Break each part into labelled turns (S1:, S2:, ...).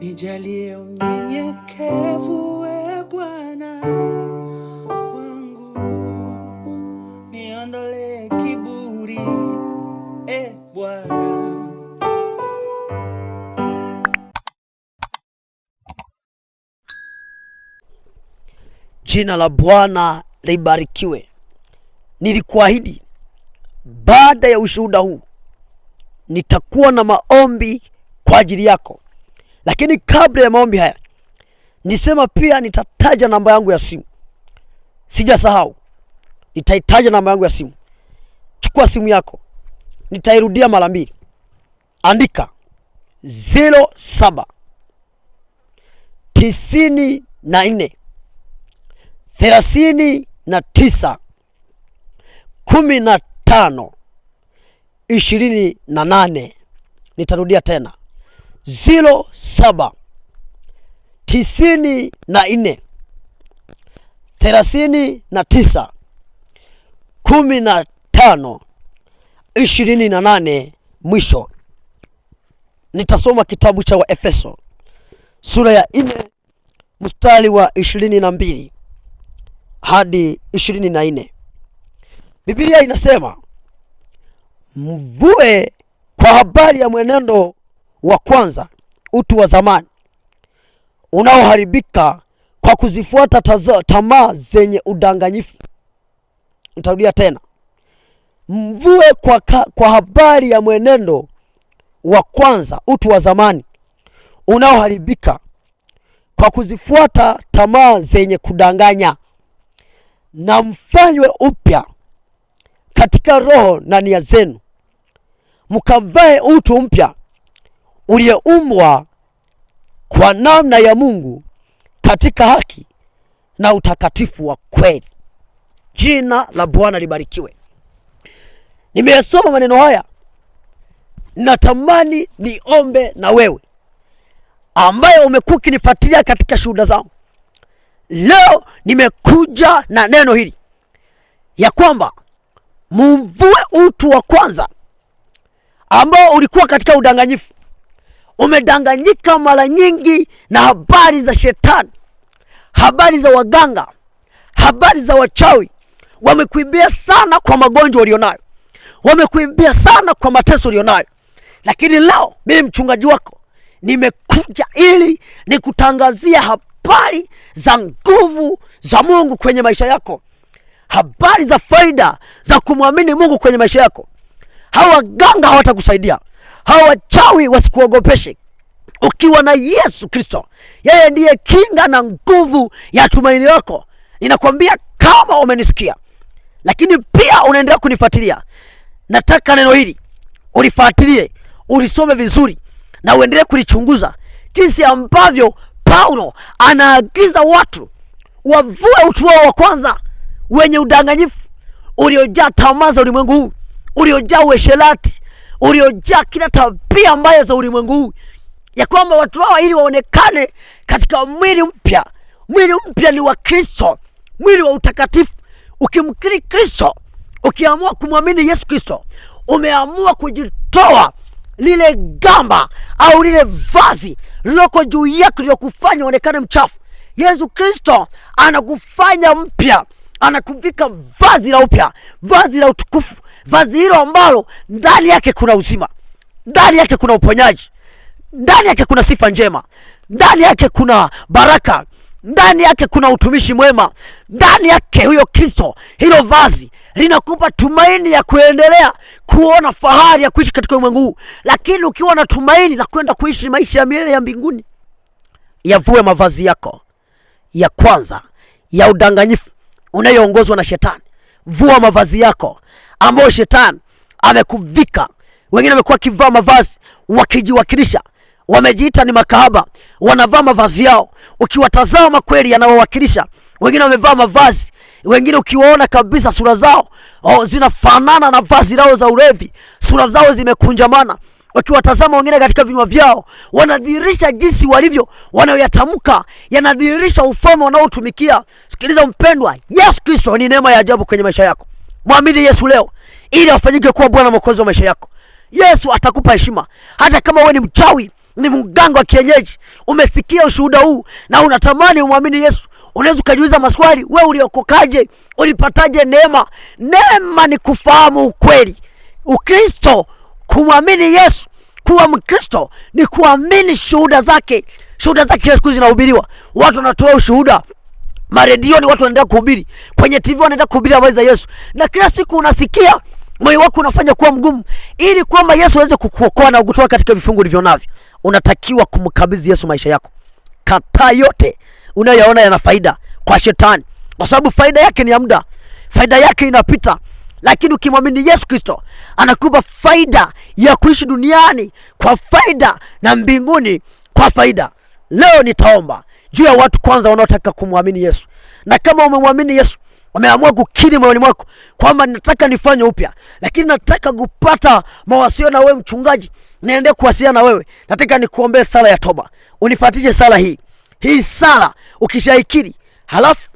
S1: Nijalie unyenyekevu, we Bwana wangu, niondolee kiburi, e Bwana. Jina la Bwana libarikiwe. Nilikuahidi baada ya ushuhuda huu nitakuwa na maombi kwa ajili yako. Lakini kabla ya maombi haya nisema pia nitataja namba yangu ya simu, sijasahau, nitaitaja namba yangu ya simu. Chukua simu yako, nitairudia mara mbili. Andika 07 tisini na nne thelathini na tisa kumi na tano ishirini na nane. Nitarudia tena 07 tisini na nne thelathini na tisa kumi na tano ishirini na nane mwisho. Nitasoma kitabu cha Waefeso sura ya nne mstari wa ishirini na mbili hadi ishirini na nne. Biblia inasema mvue kwa habari ya mwenendo wa kwanza, utu wa zamani unaoharibika kwa kuzifuata tamaa zenye udanganyifu. Nitarudia tena, mvue kwa, kwa habari ya mwenendo wa kwanza, utu wa zamani unaoharibika kwa kuzifuata tamaa zenye kudanganya, na mfanywe upya katika roho na nia zenu, mkavae utu mpya uliyeumbwa kwa namna ya Mungu katika haki na utakatifu wa kweli. Jina la Bwana libarikiwe. Nimeyasoma maneno haya, natamani niombe na wewe ambaye umekuwa ukinifuatilia katika shuhuda zangu. Leo nimekuja na neno hili ya kwamba mumvue utu wa kwanza ambao ulikuwa katika udanganyifu Umedanganyika mara nyingi na habari za shetani, habari za waganga, habari za wachawi. wamekuimbia sana kwa magonjwa ulionayo, wamekuimbia sana kwa mateso ulionayo. Lakini leo mimi mchungaji wako nimekuja ili nikutangazia habari za nguvu za Mungu kwenye maisha yako, habari za faida za kumwamini Mungu kwenye maisha yako. Hawa waganga hawatakusaidia, hawa wachawi wasikuogopeshe. Ukiwa na Yesu Kristo, yeye ndiye kinga na nguvu ya tumaini lako. Ninakwambia kama umenisikia, lakini pia unaendelea kunifuatilia, nataka neno hili ulifuatilie, ulisome vizuri na uendelee kulichunguza, jinsi ambavyo Paulo anaagiza watu wavue utu wao wa kwanza wenye udanganyifu uliojaa tamaa za ulimwengu huu uliojaa uesherati uliojaa kila tabia mbaya za ulimwengu huu, ya kwamba watu hawa ili waonekane katika mwili mpya. Mwili mpya ni wa Kristo, mwili wa utakatifu. Ukimkiri Kristo, ukiamua kumwamini Yesu Kristo, umeamua kujitoa lile gamba au lile vazi liloko juu yako lilokufanya uonekane mchafu. Yesu Kristo anakufanya mpya, anakuvika vazi la upya, vazi la utukufu vazi hilo ambalo ndani yake kuna uzima, ndani yake kuna uponyaji, ndani yake kuna sifa njema, ndani yake kuna baraka, ndani yake kuna utumishi mwema, ndani yake huyo Kristo. Hilo vazi linakupa tumaini ya kuendelea kuona fahari ya kuishi katika ulimwengu huu, lakini ukiwa na tumaini la kwenda kuishi maisha ya milele ya mbinguni, yavue mavazi yako ya kwanza ya udanganyifu unayoongozwa na Shetani. Vua mavazi yako ambao shetani amekuvika. Wengine wamekuwa wakivaa mavazi wakijiwakilisha, wamejiita ni makahaba, wanavaa mavazi yao, ukiwatazama kweli yanawawakilisha. Wengine wamevaa mavazi, wengine ukiwaona kabisa sura zao oh, zinafanana na vazi lao za ulevi, sura zao zimekunjamana wakiwatazama wengine katika vinywa vyao wanadhihirisha jinsi walivyo, wanayoyatamka yanadhihirisha ufalme wanaotumikia. Sikiliza mpendwa, Yesu Kristo ni neema ya ajabu kwenye maisha yako. Mwamini Yesu leo ili afanyike kuwa Bwana Mwokozi wa maisha yako. Yesu atakupa heshima hata kama wewe ni mchawi, ni mganga wa kienyeji. Umesikia ushuhuda huu na unatamani umwamini Yesu. Unaweza ukajiuliza maswali, wewe uliokokaje? Ulipataje neema? Neema ni kufahamu ukweli. Ukristo, kumwamini Yesu, kuwa Mkristo ni kuamini shuhuda zake. Shuhuda zake kila siku zinahubiriwa, watu wanatoa ushuhuda Maredioni watu wanaenda kuhubiri, kwenye TV wanaenda kuhubiri habari za Yesu, na kila siku unasikia moyo wako unafanya kuwa mgumu, ili kwamba Yesu aweze kukuokoa na kukutoa katika vifungo navyo. Unatakiwa kumkabidhi Yesu maisha yako. Kata yote unayoyaona yana faida kwa shetani, kwa sababu faida yake ni ya muda, faida yake inapita. Lakini ukimwamini Yesu Kristo, anakupa faida ya kuishi duniani kwa faida na mbinguni kwa faida. Leo nitaomba juu ya watu kwanza wanaotaka kumwamini Yesu. Na kama umemwamini Yesu, umeamua kukiri moyoni mwako kwamba nataka nifanye upya, lakini nataka kupata mawasiliano na wewe mchungaji, niende kuwasiliana na wewe, nataka nikuombee sala ya toba, unifuatishe sala hii hii sala. Ukishaikiri halafu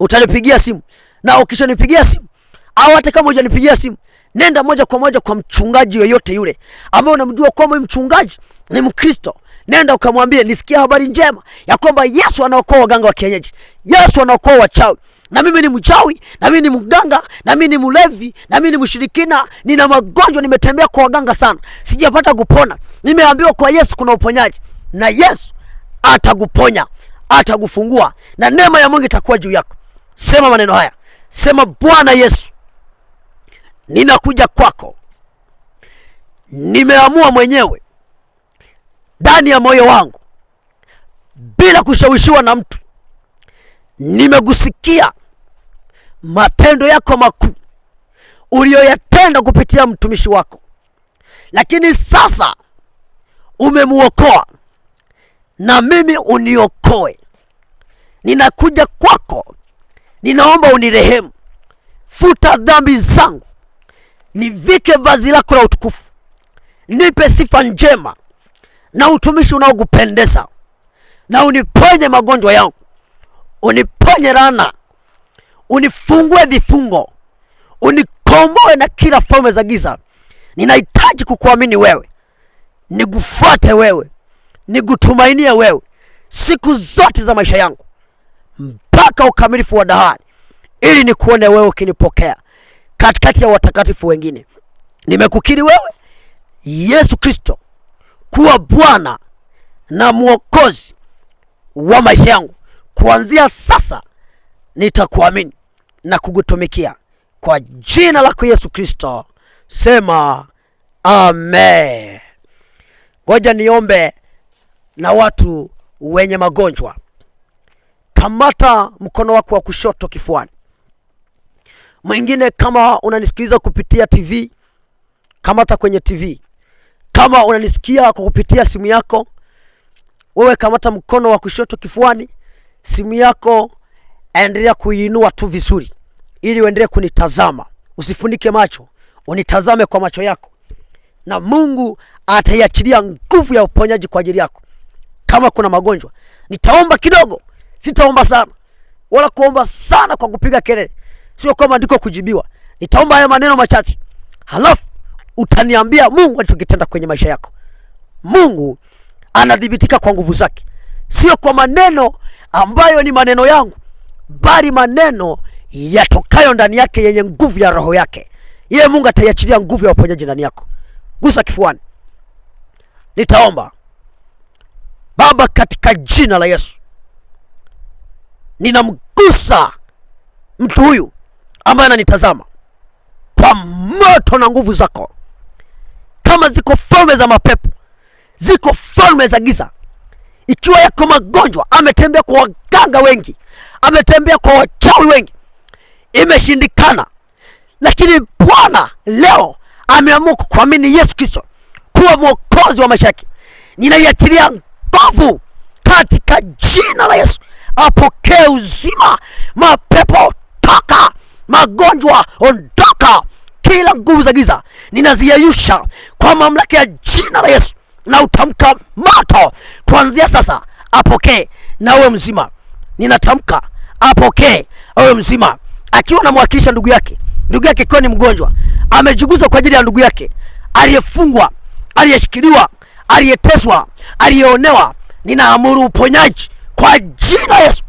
S1: utanipigia simu, na ukishanipigia simu au hata kama hujanipigia simu nenda moja kwa moja kwa mchungaji yoyote yule ambaye unamjua kwamba mchungaji ni Mkristo nenda ukamwambie, nisikia habari njema ya kwamba Yesu anaokoa waganga wa kienyeji, Yesu anaokoa wachawi. Na mimi ni mchawi, na mimi ni mganga, na mimi ni mlevi, na mimi ni mshirikina, nina magonjwa, nimetembea kwa waganga sana, sijapata kupona. Nimeambiwa kwa Yesu kuna uponyaji, na Yesu atakuponya, atakufungua, na neema ya Mungu itakuwa juu yako. Sema maneno haya, sema: Bwana Yesu, ninakuja kwako, nimeamua mwenyewe ndani ya moyo wangu bila kushawishiwa na mtu. Nimegusikia matendo yako makuu uliyoyatenda kupitia mtumishi wako, lakini sasa umemwokoa na mimi uniokoe. Ninakuja kwako, ninaomba unirehemu, futa dhambi zangu, nivike vazi lako la utukufu, nipe sifa njema na utumishi unaokupendeza, na uniponye magonjwa yangu, uniponye rana unifungue vifungo, unikomboe na kila fome za giza. Ninahitaji kukuamini wewe, nikufuate wewe, nikutumainie wewe siku zote za maisha yangu mpaka ukamilifu wa dahari, ili nikuone wewe ukinipokea katikati ya watakatifu wengine. Nimekukiri wewe Yesu Kristo kuwa Bwana na Mwokozi wa maisha yangu. Kuanzia sasa nitakuamini na kukutumikia kwa jina lako Yesu Kristo, sema amen. Ngoja niombe na watu wenye magonjwa. Kamata mkono wako wa kushoto kifuani. Mwingine kama unanisikiliza kupitia TV, kamata kwenye TV kama unanisikia kwa kupitia simu yako, wewe kamata mkono wa kushoto kifuani, simu yako endelea kuiinua tu vizuri, ili uendelee kunitazama. Usifunike macho, unitazame kwa macho yako, na Mungu ataiachilia nguvu ya uponyaji kwa ajili yako. Kama kuna magonjwa, nitaomba kidogo, sitaomba sana wala kuomba sana kwa kupiga kelele, sio kwamba ndiko kujibiwa. Nitaomba haya maneno machache, halafu utaniambia Mungu alichokitenda kwenye maisha yako. Mungu anadhibitika kwa nguvu zake, sio kwa maneno ambayo ni maneno yangu, bali maneno yatokayo ndani yake yenye nguvu ya roho yake. Yeye Mungu ataiachilia nguvu ya uponyaji ndani yako. Gusa kifuani, nitaomba. Baba, katika jina la Yesu ninamgusa mtu huyu ambaye ananitazama kwa moto na nguvu zako kama ziko falme za mapepo, ziko falme za giza, ikiwa yako magonjwa, ametembea kwa waganga wengi, ametembea kwa wachawi wengi, imeshindikana. Lakini Bwana leo ameamua kukuamini Yesu Kristo kuwa mwokozi wa maisha yake. Ninaiachilia nguvu katika jina la Yesu, apokee uzima. Mapepo toka, magonjwa ondoka, kila nguvu za giza ninaziyeyusha kwa mamlaka ya jina la Yesu na utamka moto kuanzia sasa, apokee na uwe mzima. Ninatamka apokee awe mzima, akiwa anamwakilisha ndugu yake, ndugu yake akiwa ni mgonjwa, amejiguzwa kwa ajili ya ndugu yake aliyefungwa, aliyeshikiliwa, aliyeteswa, aliyeonewa. Ninaamuru uponyaji kwa jina Yesu,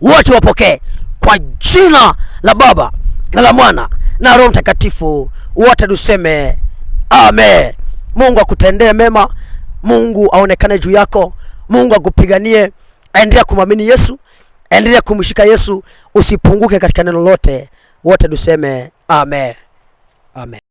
S1: wote wapokee kwa jina la Baba na la Mwana na Roho Mtakatifu wote tuseme amen. Mungu akutendee mema, Mungu aonekane juu yako, Mungu akupiganie. Endelea kumwamini Yesu, endelea kumshika Yesu, usipunguke katika neno lote. Wote tuseme amen, amen.